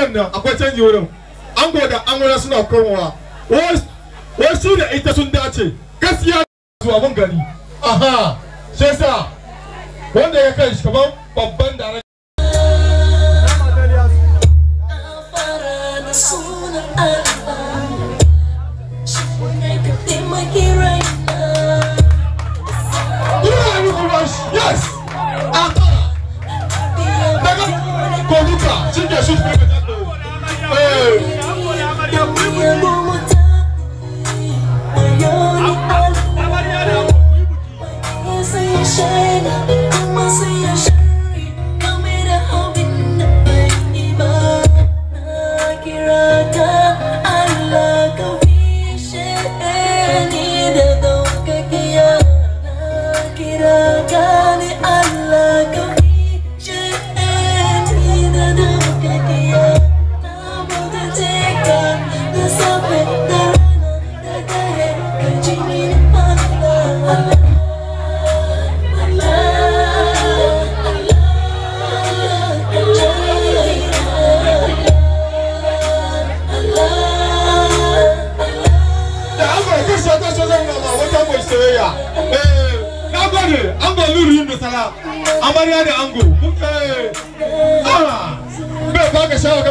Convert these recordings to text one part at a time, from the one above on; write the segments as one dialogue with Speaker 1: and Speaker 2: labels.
Speaker 1: amaryan nan akwai canji wurin ango da angona suna komowa wai su da ita sun dace gaskiya su mun gari aha sai sa wanda ya kai shi babban da soyayya na gode an ba luru yin da ango
Speaker 2: bai baka shawaka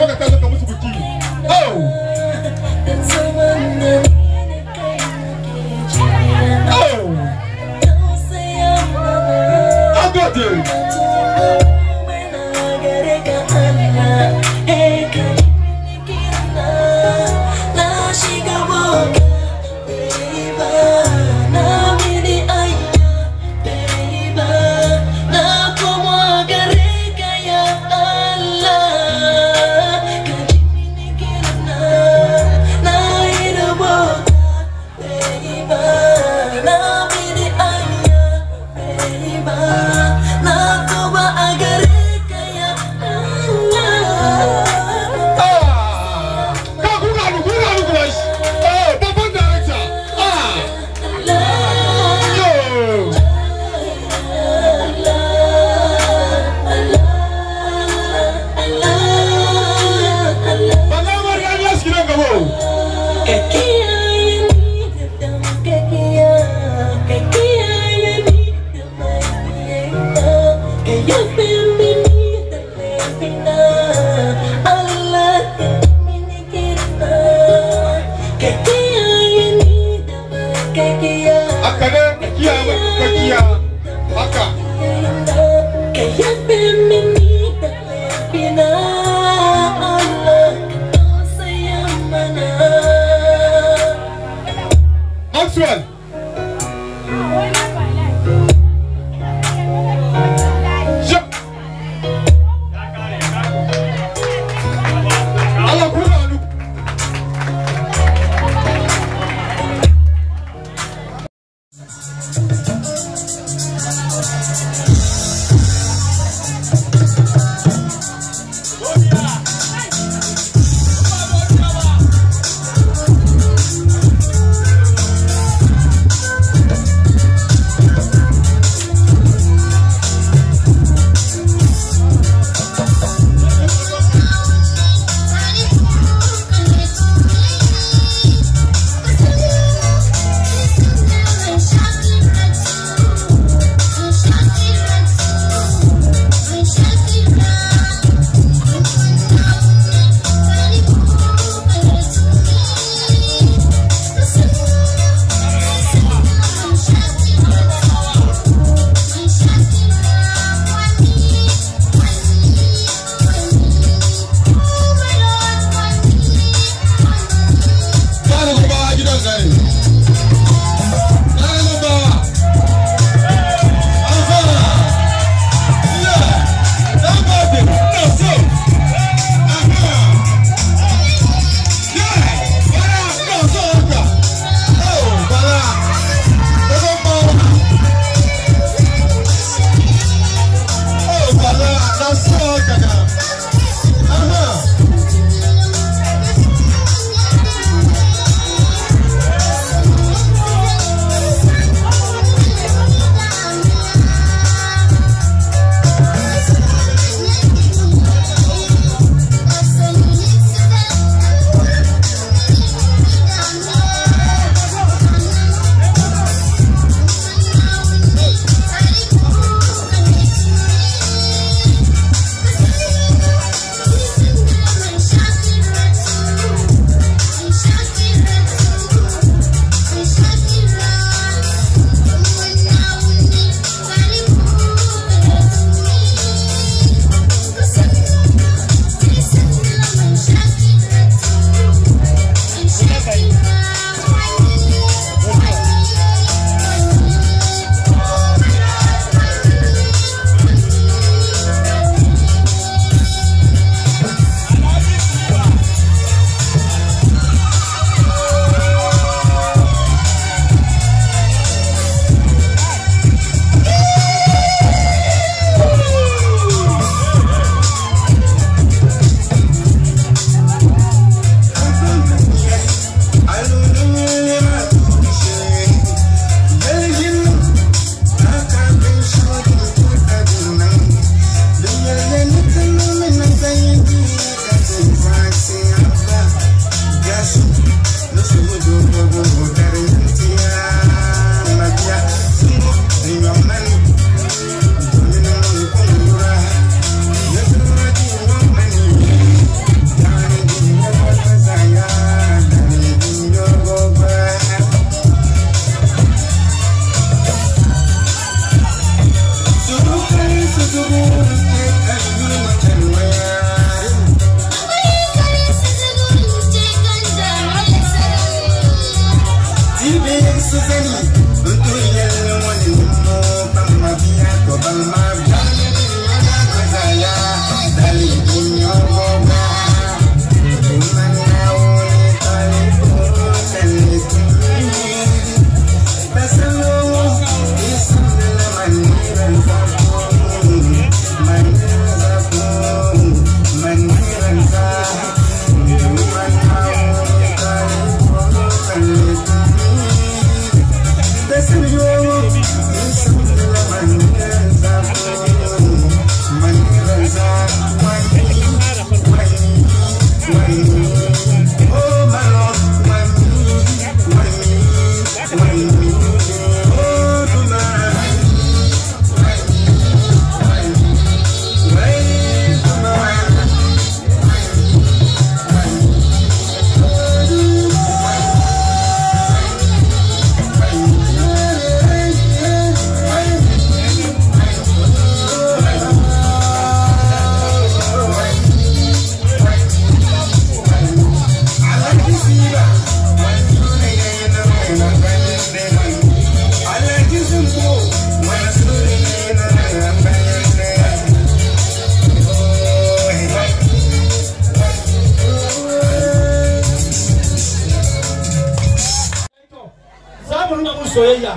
Speaker 2: soyayya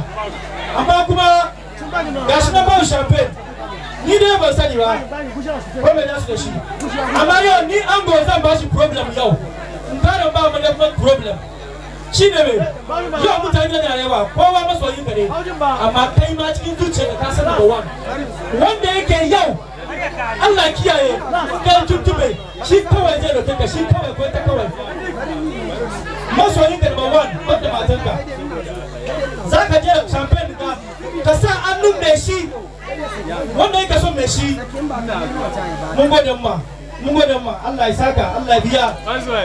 Speaker 2: amma kuma ga shi na ban champagne ni dai ban sani ba
Speaker 1: problem nasu da shi amma yau ni an go zan ba shi problem yau in fara ba mu da problem shi ne me, yau mutane na yawa kowa masoyin ka ne amma kai ma cikin zuciya ka san number one
Speaker 2: wanda yake yau Allah kiyaye
Speaker 1: kan tuntube shi kawai zai da ka shi kawai ko ta kawai
Speaker 2: masoyin ka number one banda
Speaker 1: matanka za ka je champagne ka ka sa annun mai shi wanda yake son mai shi mun gode ma mun gode ma Allah ya saka Allah ya biya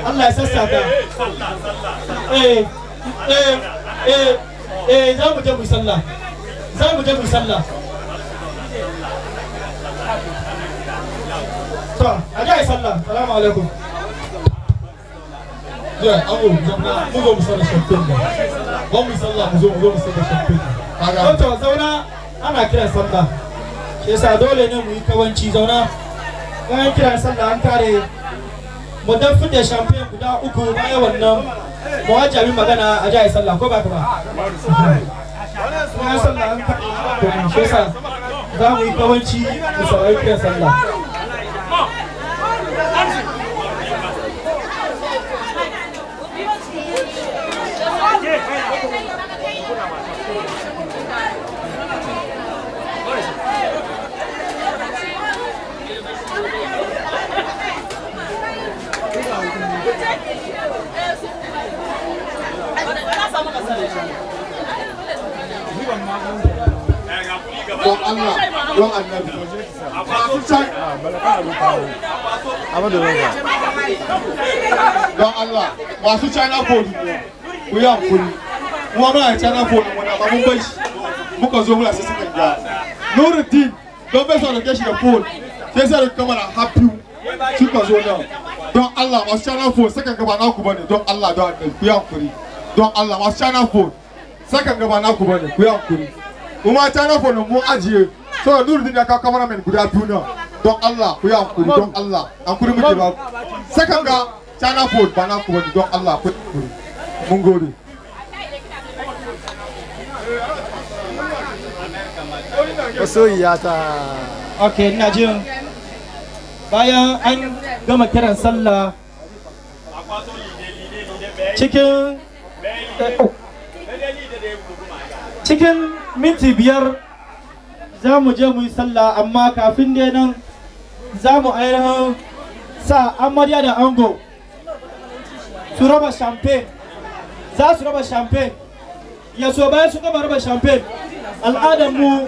Speaker 2: Allah ya sassaka
Speaker 1: eh eh eh eh za mu je mu sallah za mu je mu sallah to a sallah assalamu alaikum jiya an mu zauna mu zo mu champagne mu mu zo mu zo ah, mu zauna ana sallah dole ne mu yi kawanci zauna bayan kira sallah an kare mu guda uku bayan wannan mu wajabi magana a jihar sallah ko ba ka ba
Speaker 2: bayan sallah an kare
Speaker 1: to za mu yi kawanci
Speaker 2: mu saurari kira sallah don Allah don
Speaker 1: annabi ah, masu can don china code ku yi hankuri kuma muna china code wani amma mun bai shi muka zo muna sai suka da nuruddin don bai sauran shi da code ya sa da kamar happy kika zo nan don Allah masu channel phone sakan gaba dɔn bane don Allah don Allah ku yankuri don Allah masu channel phone sakan gaba naku bane ku yankuri kuma channel phone mun ajiye so nurdin ya kawo cameraman guda biyu nan don Allah ku yankuri don Allah hankuri muke ba sakan ga channel phone bana naku bane Allah ku yankuri mun ok ina
Speaker 2: bayan an gama kiran sallah
Speaker 1: cikin cikin minti biyar za mu je mu yi sallah amma kafin dai nan za mu ainihin sa amarya da ango su raba champagne za su raba champagne ya so bayan su gama raba champagne al'adar mu